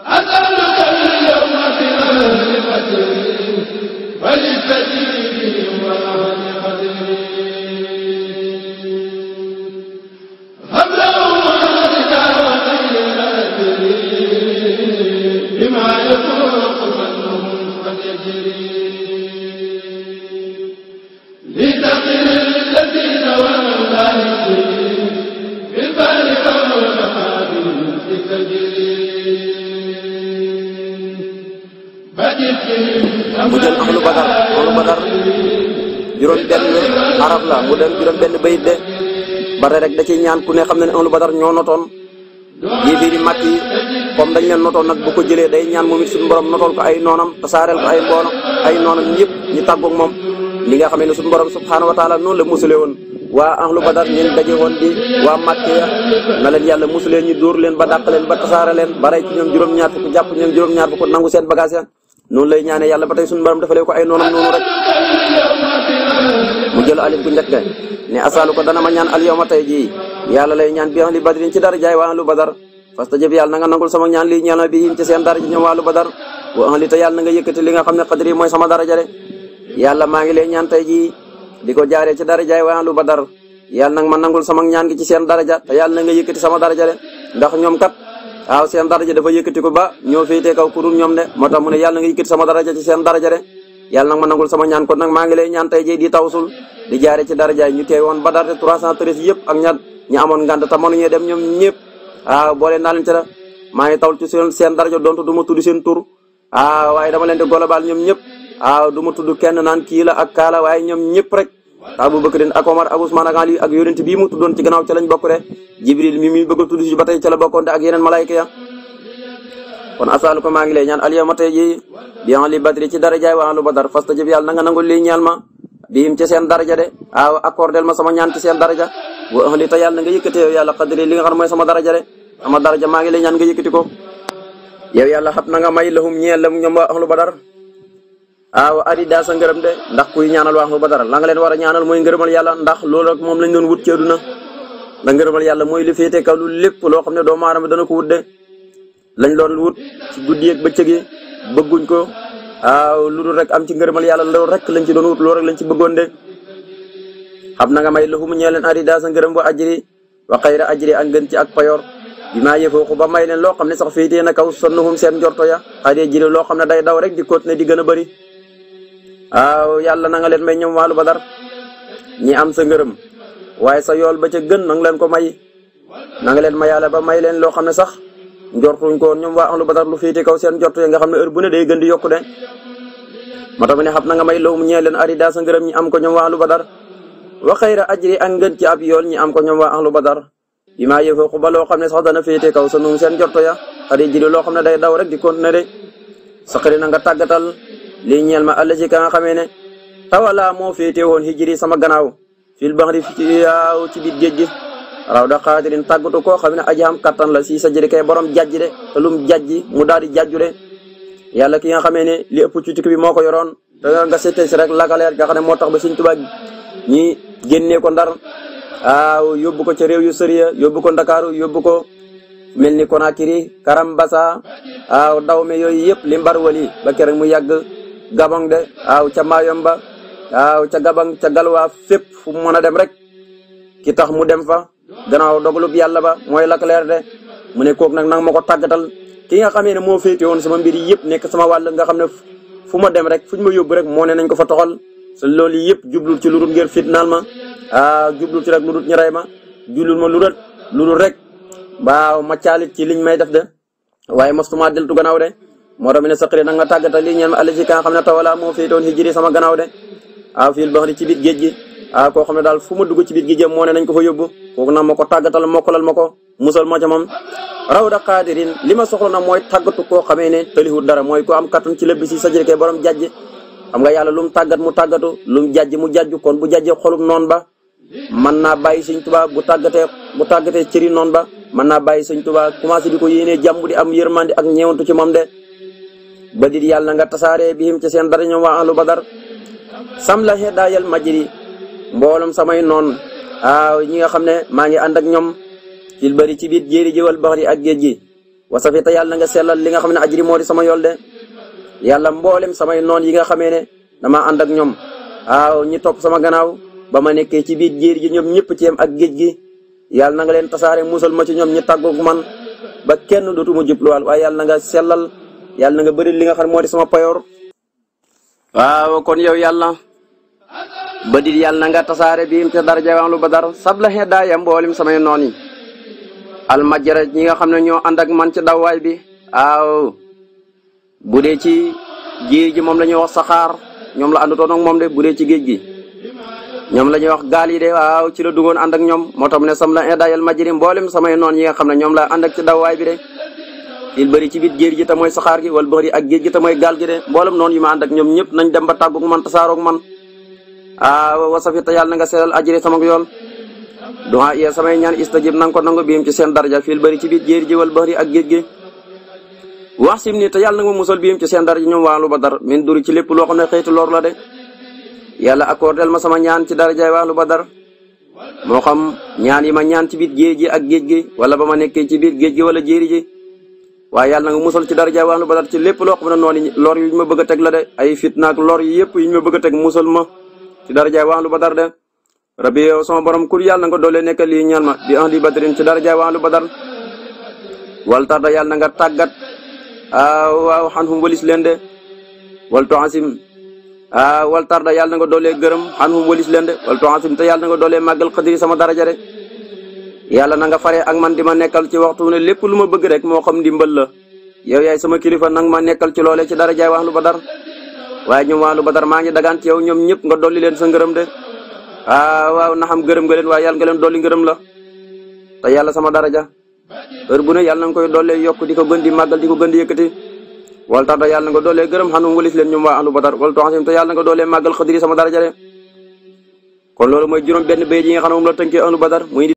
أنا juróom benn araf la bu dem juróom benn bayit de bare rek da ciy ñaan ku ne xam ne ne ahlu badar ñoo notoon yéeféeri mag yi comme dañ leen notoon nag bu ko jëlee day ñaan moom it suñu borom notoon ko ay noonam tasaareel ko ay mboono ay noonam ñëpp ñu tàggoog moom li nga xamee ne suñu borom subhaanahu wa taala noonu la musule woon waa ahlu badar ñeen daje woon di waa Màkka ya na leen yàlla musulee ñu door leen ba dàq leen ba tasaare leen ba rey ci ñoom juróom-ñaar fukk jàpp ñoom juróom-ñaar nangu seen bagage ya noonu lay ñaanee yàlla ba tey suñu borom dafa lee ko ay noonam noonu mu jël alif gu njëkk ne asaalu ko dana ma ñaan al yawma tey jii yàlla lay ñaan bi li badrin ci dara jaay waa lu badar fastajib yàlla na nga nangul sama ñaan lii ñeel ma bi ci seen dara ji ñoom waa lu badar wa yàlla na nga li nga xam ne xadri mooy sama daraja de yàlla maa ngi lay ñaan tey jii di ko jaaree ci dara jaay waa lu badar yàlla nag ma nangul sama ñaan gi ci seen daraja te yàlla na nga yëkkati sama daraja de ndax ñoom kat waaw seen daraja dafa yëkkati ko ba ñoo féetee kaw ku ñoom ne moo tax mu ne yàlla na nga sama daraja ci seen daraja de yàlla nag ma nangul sama ñaan kon nag maa ngi lay ñaan tey jii di tawsul di jaare ci darajaay ñu teew woon Badar te 313 yëpp ak ña ñi amoon ngànt te mënuñu dem ñoom ñëpp waaw ah, boole naa leen ci la maa ngi tawul ci seen seen daraja donte du ma tudd seen tur waaw ah, waaye dama leen di golobal ñoom ñëpp waaw ah, du ma tudd kenn naan kii la ak kaala waaye ñoom ñëpp rek Abu Bakrin ak Omar ak Usmaan ak Ali ak yonent bii mu tuddoon ci gannaaw ca lañ bokk de Jibril mi mi bëgg a tudd la bokkoon de ak yeneen malayka ya kon asaalu ko maa ngi lay ñaan alyawma tey jii bi li badri ci darajaay wa ahlu badar fastajib yàlla na nga nangu lii ñaan ma biim ci seen daraja de aw accordel ma sama ñaan ci seen daraja wa ahli ta yàlla na nga li nga xam mooy sama daraja de sama na may lahum ñeel lam ñoom waa ahlu badar aw arida sa ngërëm de ndax kuy ñaanal waa ahlu badar la nga leen a ñaanal mooy ngërëmal yàlla ndax loolu moom lañ doon wut ci aduna da ngërëmal yàlla li féete kaw lu lépp ne doomu lañ doon wut ci guddi ak bëccëg bëgguñ ko waaw lu dul rek am ci ngërëmal yàlla loolu rek lañ ci doon wut loolu rek lañ ci bëggoon de xam na nga may lu mu ñeel leen arida sa ngërëm wa ajri wa xayra ajri ak ngën ci ak payoor bi maa yëfooku ba may leen loo xam ne sax féetee na kaw sonnuhum seen njorto ya xadee jële loo xam ne day daw rek di continuer di gën a bëri yàlla na leen may ñoom wàllu badar ñi am sa ngërëm waaye sa yool ba ca gën na nga leen ko may na nga leen ma ba may leen loo xam ne sax njortuñ ko woon ñoom waa ahlu badar lu féete kaw seen njort ya nga xam ne heure bu ne day yokku de moo tax ne xam na nga may lawum ñee leen arida da ngërëm ñi am ko ñoom waa ahlu badar wa xayra ajri ak ngën ci ab yool ñi am ko ñoom wa waa ahlu badar bi maa yëfooku ba loo xam ne sax dana féete kaw sa nuum seen njort ya xari jili loo xam ne day daw rek di continuer de na nga tàggatal lii ñeel ma àll ci ka nga xamee ne ta tawala moo féete woon hijri sama gannaaw fil baxri ci biir géej gi raw da xaatirin tàggatu koo xam ne aji am kattan la si sa jëri kay borom jajji de te lum jajji mu daal di jajju de yàlla ki nga xamee ne li ëpp ci tukki bi moo ko yoroon te nga seetee si rek lakaleer nga xam ne moo tax ba suñ tubaab ñi génnee ko ndar waaw yóbbu ko ca réew yu sëriya yóbbu ko ndakaaru yóbbu ko mel ni Conakry Karambasa waaw me yooyu yëpp li mbar wali ba keroog mu yàgg Gabon de waaw ca Mayomba waaw ca Gabon ca Galwa fépp fu mu mën a dem rek ki tax mu dem fa gannaaw dogalub yàlla ba mooy la de mu ne kook nag nanga ma ko tàggatal ki nga xamee ne moo féete woon sama mbir yëpp nekk sama wàll nga xam ne fu ma dem rek fu ñu ma yóbbu rek moo ne nañ ko fa toxal sa loolu yëpp jublul ci lu dul ngir fitnaal ma ah jublul ci rek lu dul ñu rey ma jublul ma lu dul lu dul rek waaw ma caalit ci liñ may def de waaye mostuma deltu gannaaw de moo tax mi ne saqri nag ma tàggatal li ñeen ma àll ci ka xam ne tawala moo féete woon hijri gannaaw de aw ci biir géej gi ah koo xam ne daal fu ma dugg ci biir gi jëm moo ne nañ ko fa yóbbu kooku nag ma ko tàggatal mokkalal ma ko musal ma ca moom rawda qaadirin li ma soxla na mooy tàggatu koo xamee ne tëliwul dara mooy ko am kattan ci lépp si sa ke borom jàjj xam ga yàlla lu mu tàggat mu tàggatu lu mu mu jàjj kon bu jàjjee xolub noonu ba man naa bàyyi sëñ tuba bu tàggatee bu tàggatee cëri noonu ba man naa bàyyi sëñ tuba commencé di ko yéenee jàmm di am mandi ak ñeewantu ci moom de ba dit yàlla nga tasaaree bihim ci seen dara ñoom waa ahlu badar sam la xedaayal majri mboolum samay noon aaw ñi nga xam ne maa ngi ànd ak ñoom fil bari ci biir jéeri ji wal baxri ak géej gi wasafita yàlla na nga sellal li nga xam ne ajri moo di sama yool yàlla mboolem samay noon yi nga xamee ne damaa ànd ak ñoom aaw ñi topp sama gannaaw ba ma nekkee ci biir jéeri ji ñoom ñëpp ci yem ak géej gi yàlla na nga leen tasaare musal ma ci ñoom ñi tàggoog man ba kenn dootuma jubluwaal waaye yàlla na nga sellal yàlla na nga bëri li nga xam moo di sama payoor waaw kon yow yàlla ba dit yàlla na nga tasaare bi te daraja waam lu badar sabla xeddaaya mboolim samay noon yi almajara ñi nga xam ne ñoo ànd man ci dawwaay bi dee ci géej gi moom la ñuy wax saxaar ñoom la àndutoon ak moom bu dee ci géej gi ñoom la ñuy wax gaal yi de waaw ci la duggoon ànd ak moo tax mu ne sam la eddaayal majari mboolem samay noon yi nga xam ne ñoom la ànd ak ci dawwaay bi de il ci biir géej gi te saxaar gi wala bëri ak géej gi te mooy gaal gi de mboolem noonu yi ma ànd ñoom ñëpp nañ dem ba tàgguk man tasaaroog man a ah, wasafita yàlla na nga seeral ajri sama yool duha iya samay ñaan ista na nga ko nangu biim ci seen daraja fil bari ci biir jéeri ji wal bahri ak géej gi wax sim nii te yàlla nga musal biim ci seen daraja ñoom waalu badar min duri ci lépp loo xam ne xëytu loor la de yàlla accordel ma sama ñaan ci daraja waalu badar moo xam ñaan yi ma ñaan ci biir jéeri ji ak géej gi wala ba ma nekkee ci biir géej gi wala jéeri ji waaye yàlla na musal ci daraja waalu badar ci lépp loo xam ne noonu lor yu ñu ma bëgg a teg la yëpp ñu bëgg teg musal ma ci darajaay wax lu badar de rabbi yow sama borom kur yàlla na nga doole nekkal lii ñaan ma bi ahli badrin ci darajaay wax lu badar wal tarda yàlla na nga tàggat aaw waaw xanhum walis leen de wal toasim aaw wal tarda yàlla na nga doole gërëm xanhum walis leen de wal toasim te yàlla na nga doole màggal xadiri sama daraja de yàlla na nga fare ak man di ma nekkal ci waxtu ne lépp lu ma bëgg rek moo xam ndimbal la yow yaay sama kilifa nang ma nekkal ci loole ci darajaay wax lu badar waaye ñoom wàllu badar maa ngi dagaan ci yow ñoom ñëpp nga dolli leen sa ngërëm de ah waaw na xam gërëm nga leen waaye yàlla leen dolli ngërëm la te yàlla sama daraja heure bu ne yàlla na nga koy dollee yokk di ko gën di màggal di ko gën di yëkkati wala tax te yàlla na nga dollee gërëm xanum walis leen ñoom waa ahlu badar wala toxasim te nga dollee màggal xadiri sama daraja de kon loolu mooy juróom benn bay yi nga xam ne moom la tënkee ahlu badar muy